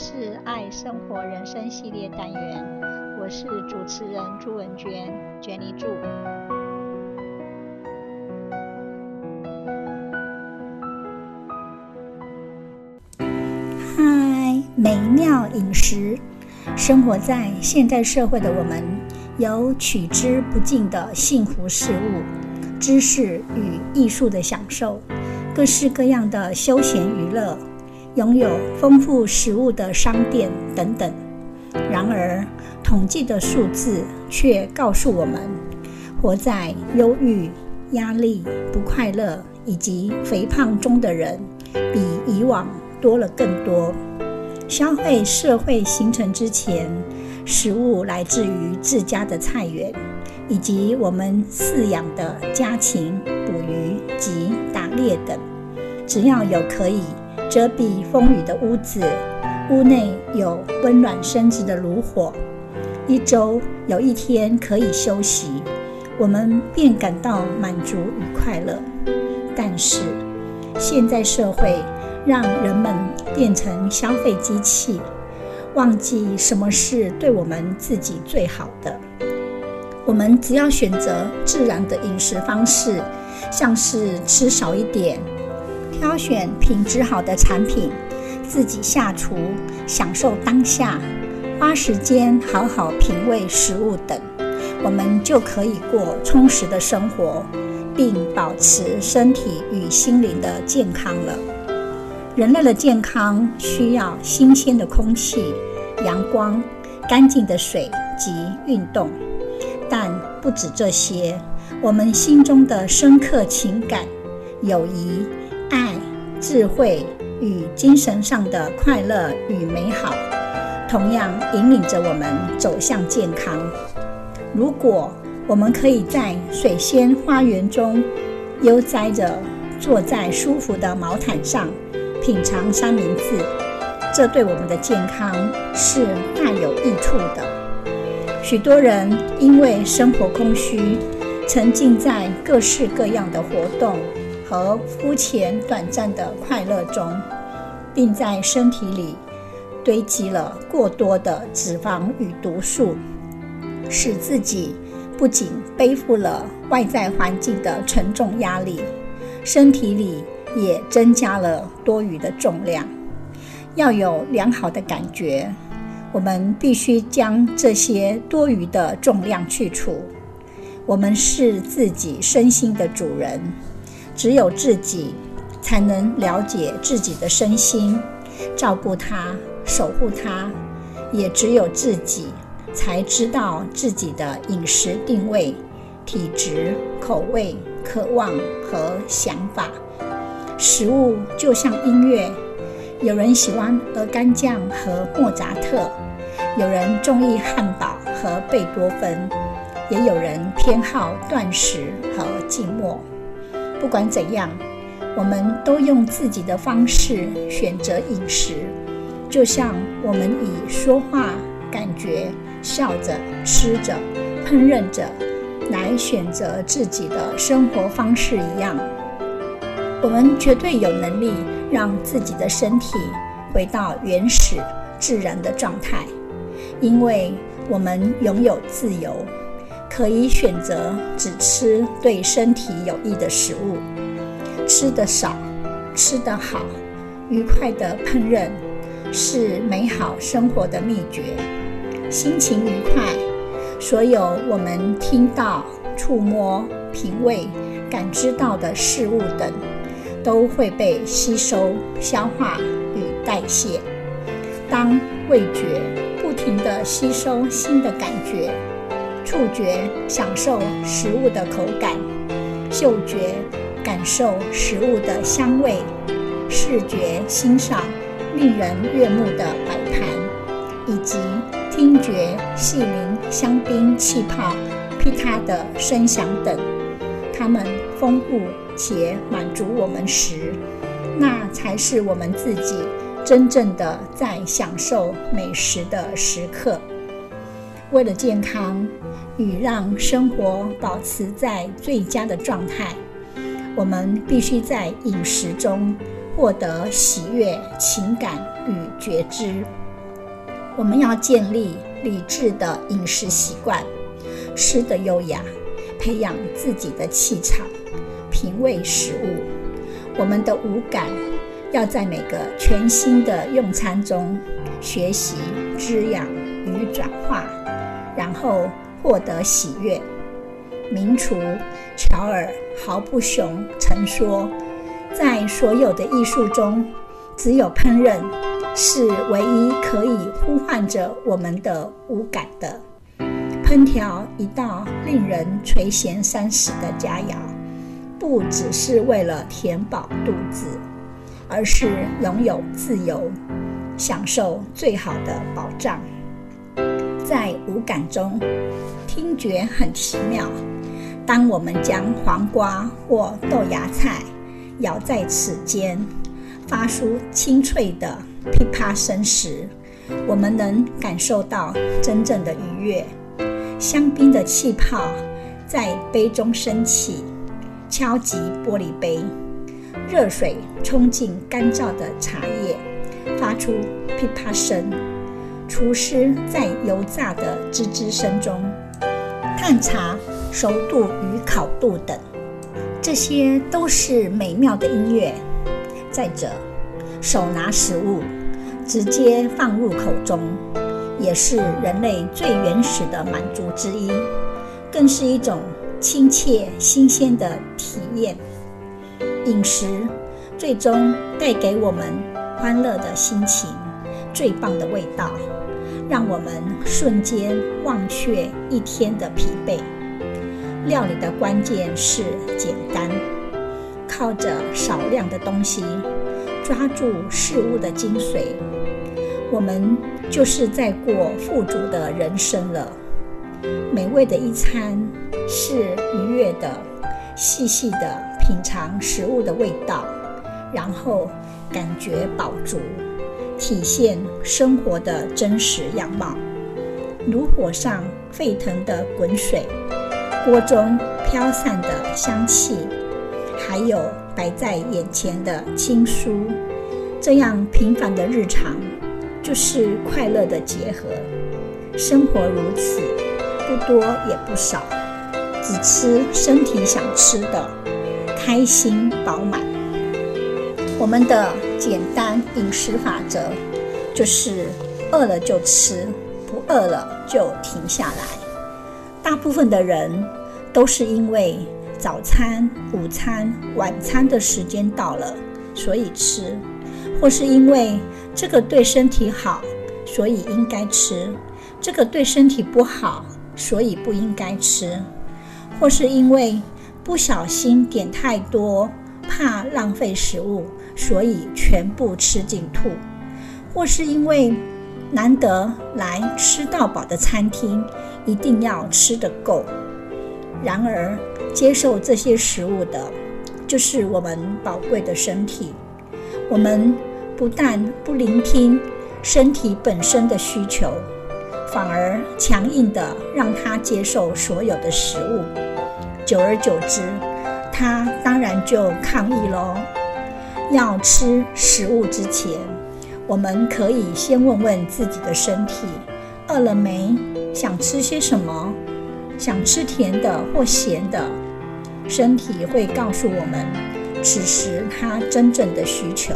是愛生活人生系列單元，我是主持人朱文娟，娟妮祝。嗨，美妙飲食！生活在現代社會的我們，有取之不盡的幸福事物，知識與藝術的享受，各式各樣的休閒娛樂。擁有豐富食物的商店等等。然而，統計的數字卻告訴我們，活在憂鬱、壓力、不快樂以及肥胖中的人，比以往多了更多。消費社會形成之前，食物來自於自家的菜園，以及我們飼養的家禽、捕魚及打獵等。只要有可以。遮蔽風雨的屋子，屋內有溫暖身子的爐火，一周有一天可以休息，我們便感到滿足與快樂。但是，現在社會讓人們變成消費機器，忘記什麼是對我們自己最好的。我們只要選擇自然的飲食方式，像是吃少一點。挑選品質好的產品，自己下廚，享受當下，花時間好好品味食物等，我們就可以過充實的生活，並保持身體與心靈的健康了。人類的健康需要新鮮的空氣、陽光、乾淨的水及運動，但不只這些，我們心中的深刻情感、友誼。愛、智慧與精神上的快樂與美好，同樣引領着我們走向健康。如果我們可以在水仙花園中悠哉地坐在舒服的毛毯上，品嘗三明治，這對我們的健康是大有益處的。許多人因為生活空虛，沉浸在各式各樣的活動。和膚淺短暫的快樂中，並在身體裡堆積了過多的脂肪與毒素，使自己不僅背負了外在環境的沉重壓力，身體裡也增加了多餘的重量。要有良好的感覺，我們必須將這些多餘的重量去除。我們是自己身心的主人。只有自己才能了解自己的身心，照顧它，守護它。也只有自己才知道自己的飲食定位、體質、口味、渴望和想法。食物就像音樂，有人喜歡鵝肝醬和莫扎特，有人中意漢堡和貝多芬，也有人偏好斷食和靜默。不管怎樣，我們都用自己的方式選擇飲食，就像我們以說話、感覺、笑着、吃着、烹飪着來選擇自己的生活方式一樣。我們絕對有能力讓自己的身體回到原始、自然的狀態，因為我們擁有自由。可以選擇只吃對身體有益的食物，吃得少，吃得好，愉快地烹飪，是美好生活的秘訣。心情愉快，所有我們聽到、觸摸、品味、感知到的事物等，都會被吸收、消化與代謝。當味覺不停地吸收新的感覺。觸覺享受食物的口感，嗅覺感受食物的香味，視覺欣賞令人悅目的擺盤，以及聽覺細聆香檳氣泡噼啪的聲響等，它們豐富且滿足我們時，那才是我們自己真正的在享受美食的時刻。為了健康。與讓生活保持在最佳的狀態，我們必須在飲食中，獲得喜悅、情感與覺知。我們要建立理智的飲食習慣，吃得優雅，培養自己的氣場，品味食物。我們的五感，要在每個全新的用餐中，學習、滋養與轉化，然後。獲得喜悅。名廚喬爾·侯布雄曾說，在所有的藝術中，只有烹飪是唯一可以呼喚着我們的五感的。烹調一道令人垂涎三尺的佳餚，不只是為了填飽肚子，而是擁有自由，享受最好的寶藏。在五感中，聽覺很奇妙。當我們將黃瓜或豆芽菜咬在齒間，發出清脆的噼啪聲時，我們能感受到真正的愉悅。香檳的氣泡在杯中升起，敲擊玻璃杯；熱水沖進乾燥的茶葉，發出噼啪聲。廚師在油炸的滋滋聲中探查熟度與烤度等，這些都是美妙的音樂。再者，手拿食物直接放入口中，也是人類最原始的滿足之一，更是一種親切新鮮的體驗。飲食最終帶給我們歡樂的心情，最棒的味道。讓我們瞬間忘卻一天的疲憊。料理的關鍵是簡單，靠着少量的東西，抓住事物的精髓，我們就是在過富足的人生了。美味的一餐是愉悅的，細細的品嘗食物的味道，然後感覺飽足。體現生活的真實樣貌，爐火上沸騰的滾水，鍋中飄散的香氣，還有擺在眼前的青蔬，這樣平凡的日常，就是快樂的結合。生活如此，不多也不少，只吃身體想吃的，開心飽滿。我們的。簡單飲食法則就是：餓了就吃，不餓了就停下來。大部分的人都是因為早餐、午餐、晚餐的時間到了，所以吃；或是因為這個對身體好，所以應該吃；這個對身體不好，所以不應該吃；或是因為不小心點太多。怕浪費食物，所以全部吃進肚；或是因為難得來吃到飽的餐廳，一定要吃得夠。然而，接受這些食物的，就是我們寶貴的身體。我們不但不聆聽身體本身的需求，反而強硬地讓它接受所有的食物，久而久之。他當然就抗議嘍。要吃食物之前，我們可以先問問自己的身體：餓了沒？想吃些什麼？想吃甜的或鹹的？身體會告訴我們此時他真正的需求。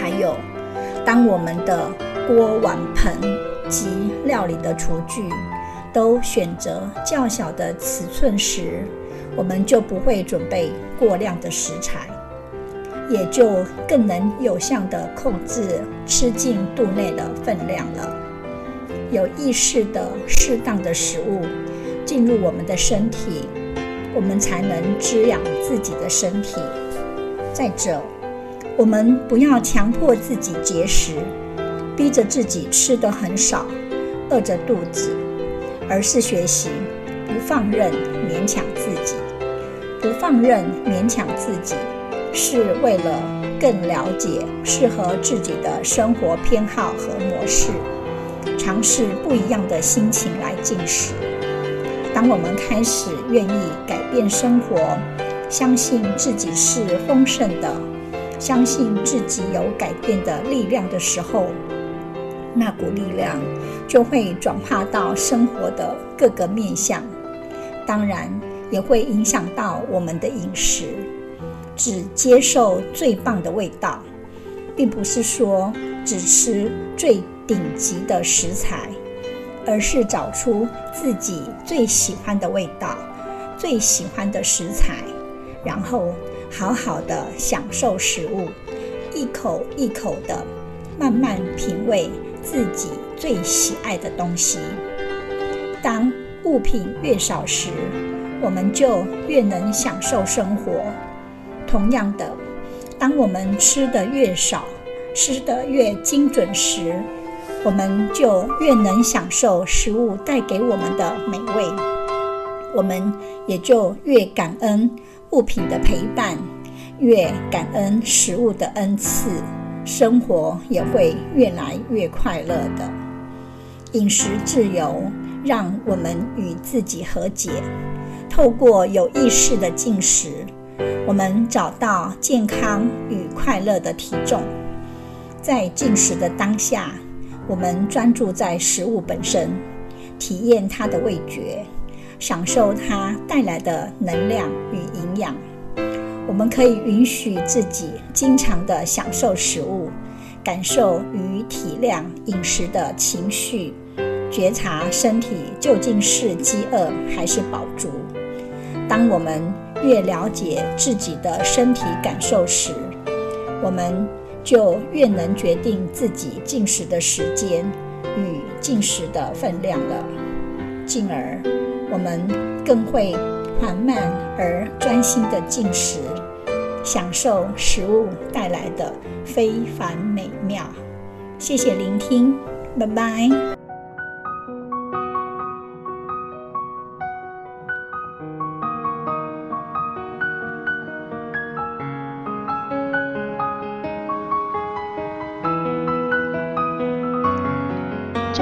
還有，當我們的鍋、碗、盆及料理的廚具都選擇較小的尺寸時，我們就不會準備過量的食材，也就更能有效地控制吃進肚內的分量了。有意識地適當的食物進入我們的身體，我們才能滋養自己的身體。再者，我們不要強迫自己節食，逼着自己吃得很少，餓着肚子，而是學習不放任勉強自己。不放任、勉強自己，是為了更了解適合自己的生活偏好和模式，嘗試不一樣的心情來進食。當我們開始願意改變生活，相信自己是豐盛的，相信自己有改變的力量的時候，那股力量就會轉化到生活的各個面向。當然。也會影響到我們的飲食，只接受最棒的味道，並不是說只吃最頂級的食材，而是找出自己最喜歡的味道、最喜歡的食材，然後好好的享受食物，一口一口的慢慢品味自己最喜愛的東西。當物品越少時，我們就越能享受生活。同樣的，當我們吃得越少，吃得越精準時，我們就越能享受食物帶給我們的美味，我們也就越感恩物品的陪伴，越感恩食物的恩賜，生活也會越來越快樂的。飲食自由，讓我們與自己和解。透過有意識的進食，我們找到健康與快樂的體重。在進食的當下，我們專注在食物本身，體驗它的味覺，享受它帶來的能量與營養。我們可以允許自己經常的享受食物，感受與體諒飲食的情緒，覺察身體究竟是飢餓還是飽足。當我們越了解自己的身體感受時，我們就越能決定自己進食的時間與進食的分量了。進而，我們更會緩慢而專心地進食，享受食物帶來的非凡美妙。謝謝聆聽，拜拜。